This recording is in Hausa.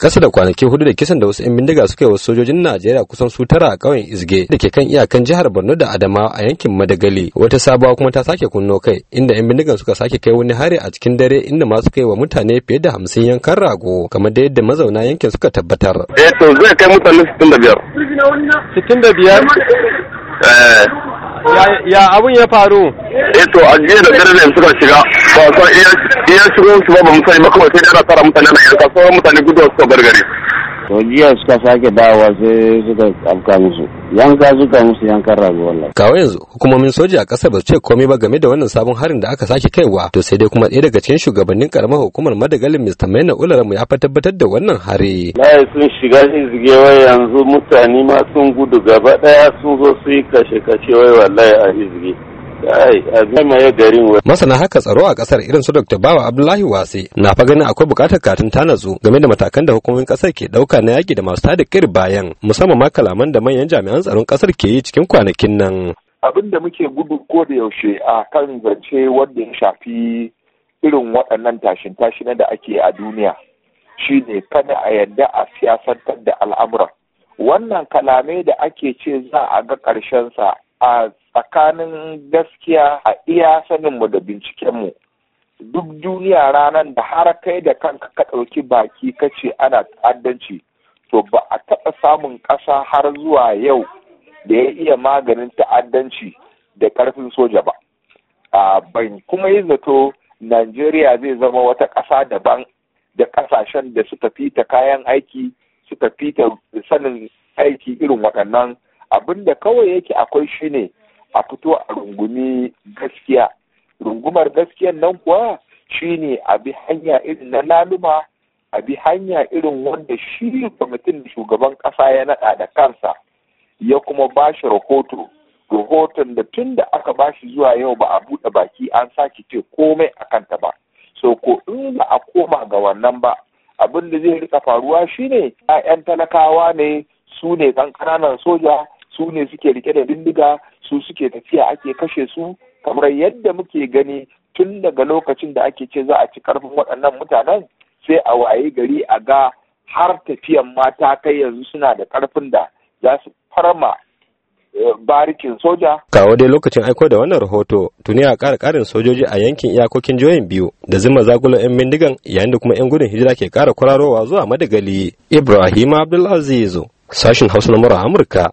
kasa da kwanaki hudu da kisan da wasu 'yan bindiga suka yi wa sojojin najeriya kusan su tara a ƙauyen izge da ke kan iyakan jihar borno da adama a yankin madagali wata sabuwa kuma ta sake kunno kai inda 'yan bindigan suka sake kai wani hari a cikin dare inda ma suka yi wa mutane fiye da hamsin yankan rago kamar da yadda mazauna yankin suka tabbatar. eh to zai kai mutane sittin da biyar. sittin da biyar. Eh. ya abun ya faru. eh to a jiya da dare ne suka shiga ba sa iya shigo su ba ba mu sani ba kawai sai ana fara mutane na yanka sauran mutane gudu suka bar gari to jiya suka sake dawa sai suka afka musu yanka suka musu yankan rago wallahi kawo yanzu hukumomin soja a kasar ba su ce komai ba game da wannan sabon harin da aka sake kaiwa to sai dai kuma ɗaya daga cikin shugabannin karamar hukumar madagalin Mr. Maina Ularamu ya fa tabbatar da wannan hari lai sun shiga izge wai yanzu mutane ma sun gudu gaba daya sun zo su yi kashe kashe wai wallahi a izge Masana haka tsaro a kasar irin su Dr. Bawa Abdullahi Wase na fa ganin akwai bukatar katin tanatsu game da matakan da hukumomin kasar ke dauka na yaki da masu tada kir bayan musamman ma kalaman da manyan jami'an tsaron kasar ke yi cikin kwanakin nan. Abin da muke gudu ko da yaushe a kan zance wanda ya shafi irin waɗannan tashin na da ake a duniya shine kada a yadda a siyasantar da al'amuran. Wannan kalamai da ake ce za a ga sa. a tsakanin gaskiya a iya saninmu da mu duk duniya ranar da har kai da kanka ka ɗauki baki ka ce ana ta'addanci to ba a taɓa samun ƙasa har zuwa yau da ya iya maganin ta'addanci da ƙarfin soja ba a ban kuma yi zato najeriya zai zama wata ƙasa daban da ƙasashen da suka fita kayan aiki suka fita sanin aiki irin waɗannan Abin da kawai yake akwai shine a fito a rungumi gaskiya rungumar gaskiyan nan kuwa shine a bi hanya irin na laluma a bi hanya irin wanda shi kwamitin shugaban ƙasa ya naɗa da kansa ya kuma ba shi rahoto rahoton da tun da aka ba shi zuwa yau ba a buɗe baki an sake ce komai a kanta ba so ko in ba a koma ga wannan ba abin da zai rika faruwa shine 'ya'yan talakawa ne su ne ƙanƙananan soja su ne suke rike da bindiga su suke tafiya ake kashe su kamar yadda muke gani tun daga lokacin da ake ce za a ci karfin waɗannan mutanen sai a waye gari a ga har tafiyan mata kai yanzu suna da karfin da za su farma eh, barikin soja. Kawo dai lokacin aiko da wannan rahoto tuni a ƙara ƙarin sojoji a yankin iyakokin jihohin biyu da zuma zagulo 'yan bindigan yayin da kuma 'yan gudun hijira ke ƙara kwararowa zuwa madagali. Ibrahim Abdulaziz, sashin Hausa na Amurka